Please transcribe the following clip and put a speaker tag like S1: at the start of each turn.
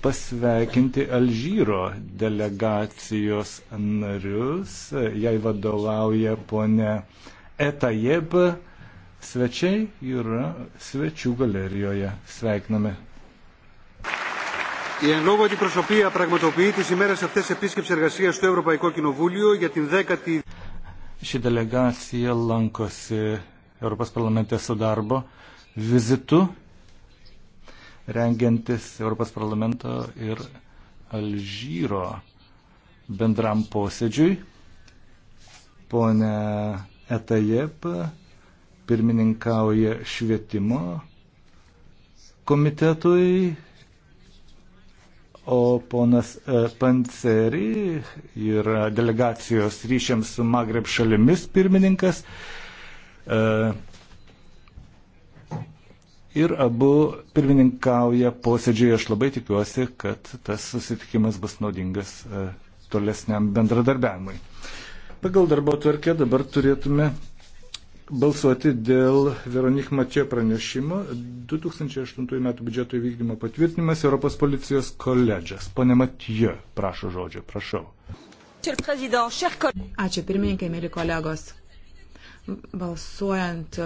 S1: pasveikinti Alžyro delegacijos narius. Jai vadovauja ponė Eta Jeb. Svečiai yra svečių galerijoje. Sveikiname.
S2: Η εν λόγω αντιπροσωπεία πραγματοποιεί τις ημέρες αυτές επίσκεψη εργασίας στο Ευρωπαϊκό Κοινοβούλιο για την δέκατη...
S1: Ši delegacija lankosi Europos parlamente su darbo vizitu rengiantis Europos parlamento ir Alžyro bendram posėdžiui. Pone Etajep pirmininkauja švietimo komitetui, o ponas e, Panceri yra delegacijos ryšiams su Magreb šalimis pirmininkas. E, ir abu pirmininkauja posėdžiai. Aš labai tikiuosi, kad tas susitikimas bus naudingas e, tolesniam bendradarbiavimui. Pagal darbo tvarkę dabar turėtume balsuoti dėl Veronik Mačio pranešimo 2008 metų biudžeto įvykdymo patvirtinimas Europos policijos koledžas. Pone Matijo, prašo žodžio, prašau. Ačiū pirmininkai, mėly kolegos. Balsuojant